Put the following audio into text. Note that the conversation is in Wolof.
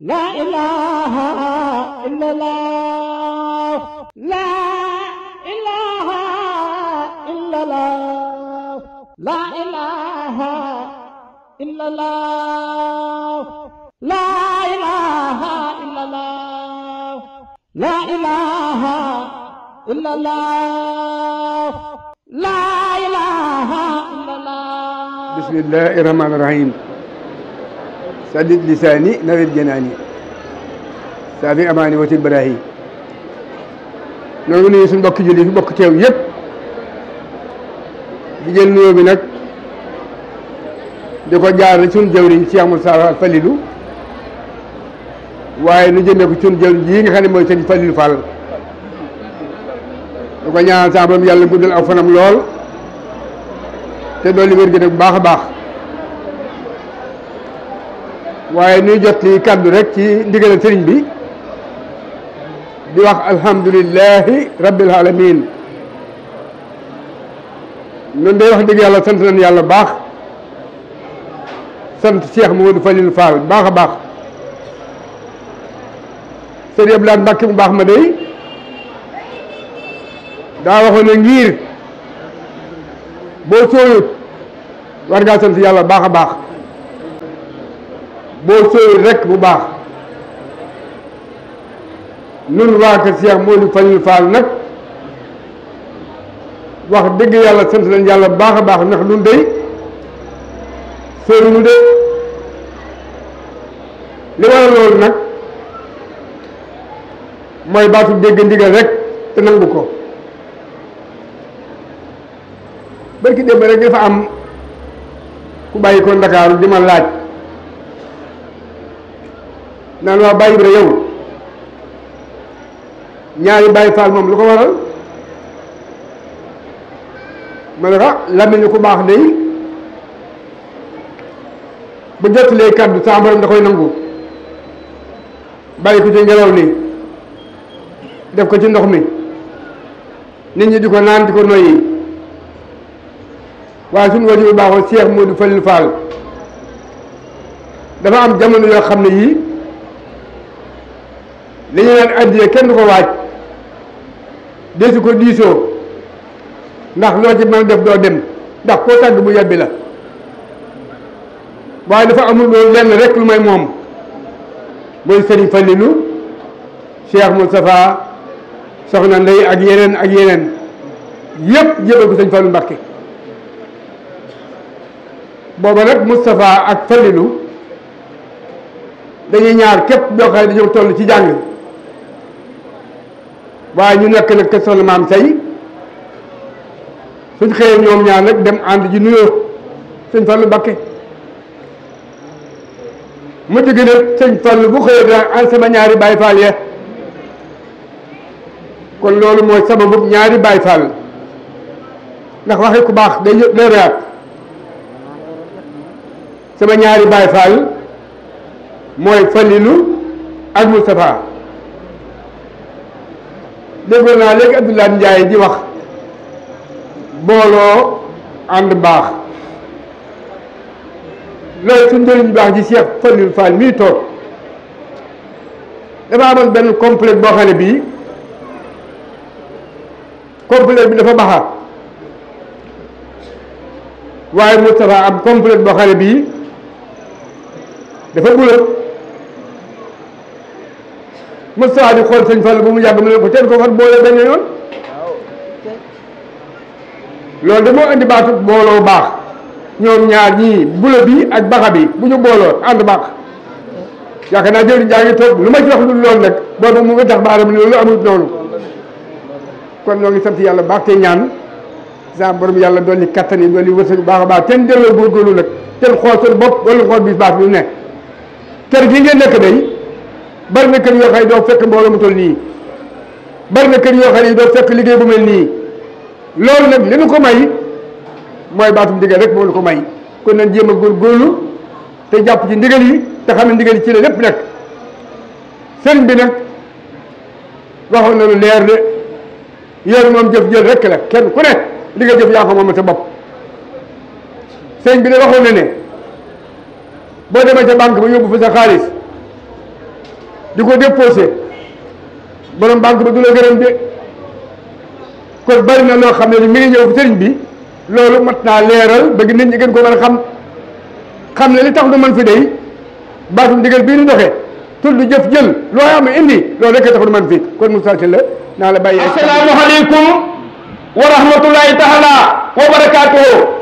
لا إله إلا الله لا إله إلا الله لا إله إلا الله لا إله إلا الله لا إله إلا الله لا إله إلا الله بسم الله الرحمن الرحيم سدد لساني نذب جناني سافي اماني وتي noonu nuyu suñ bokki julli fi bokk تيو ييب دي جيل nuyoo بي nag di جار سن جوري شيخ Cheikh Moussa Falilou waaye nu jëmee ko ciun jëwriñ yi nga xam moy mooy sëñ Falilou Fall ko ñaanal sa borom yalla guddal aw fanam lool te doolu wér gi nak waaye nuy jot li kàddu rek ci ndigalal sëriñ bi di wax alhamdulillahi rabbil alamin nun day wax dëgg yàlla sant nañ yàlla baax sant Cheikh Mamadou Falil Fall baax a baax sëriñ Abdoulaye Mbacke mu baax ma day daa waxoon ne ngir boo sooyut war ngaa sant yàlla baax a baax boo sëyul rek bu baax nun waa kër Cheikh Modou Fadil Fall nag wax dëgg yàlla sant nañ yàlla bu baax a baax ndax nun day sëyul de li war a loolu nag mooy baatu dégg ndigal rek te nangu ko barki démb rek dafa am ku bàyyi ko Ndakaaru di ma laaj naan waa Baye Ibra yow ñaari Baye Fall moom lu ko waral ma ne ko ah, làmmiñu ku baax day bu jottalee kàddu saa da koy nangu bàyyi ku ci ngelaw li def ko ci ndox mi nit ñi di ko naan di ko noyyi waaye suñu wajur bu baaxoo Cheikh Modou Fallou Fall dafa am jamono yoo xam ne yii li ñu naan addiya kenn du ko waaj desu ko diisoo ndax loo ci mën def doo dem ndax koo tàgg bu yebbi la waaye dafa amul loolu lenn rek lu may moom mooy Sëriñ Fallilu Cheikh Moustapha soxna Ndey ak yeneen ak yeneen yëpp jébal ko sëñ Fallu Mbàkke booba nag Moustapha ak Fallilu dañuy ñaar képp boo xam ne dañoo toll ci jàng waaye ñu nekk nag kër soxna maam say suñ xëyee ñoom ñaar nag dem ànd ji nuyoo sëñ Fallu Bakke mu ci gën a bu xëyee daan ànd sama ñaari bay Faal ya kon loolu mooy sama sababu ñaari Baay Faal ndax waxi ku baax day day reyaat sama ñaari Baay fal mooy Falilu ak Moustapha déggoon naa léegi Abdoulaye Ndiaye di wax booloo ànd baax loolu suñ njëriñ baax ci Cheikh Falil Fall mii toog dafa amoon benn complexe boo xam ne bii bi dafa baxa waaye Moustapha am complexe boo xam ne dafa bulat Moustapha di xool sëñ Fall ba mu yàgg ma ne ko teen ko fat boole benn yoon loolu de moo indi baatu booloo baax ñoom ñaar ñii bula bi ak baxa bi bu ñu booloo ànd baax yaakaar naa jëriñ jaa ngi toog lu ma ci wax lu loolu nag boobu mu nga tax baaram loolu amul noonu kon ñoo ngi sant yàlla baax te ñaan sa borom yàlla dolli kattan yi dolli sañu baax a baax ten delloo góorgóorlu nag ten xool seen bopp wala xool bis baax bi mu ne kër gi ngeen nekk bari na kër yoo xam doo fekk mbooloo mu toll nii bari na kër yoo xam ne doo fekk liggéey bu mel nii loolu nag li nu ko may mooy baatum ndigal rek moo nu ko may kon nañ jéem a góorgóorlu te jàpp ji ndigal yi te xam ne ndigal yi ci la lépp nag sëriñ bi nag waxoon na lu leer de yoon moom jëf li jëf yaa ko moom sa bopp sëriñ bi de waxoon na ne boo demee ca banque ba yóbbu fa sa xaalis di ko déposé borom banque ba du la gërëm de kon bari loo xam ne ni mi fi sëriñ bi loolu mat na leeral bëgg nit ñi gën ko mën a xam xam ne li tax nu mën fi dey baatum ndigal bii nu doxee tudd jëf jël loo am indi loolu rekk tax nu fi kon mu salti la naa la bàyyi assalaamu aleykum wa rahmatullahi taala wa barakaatuhu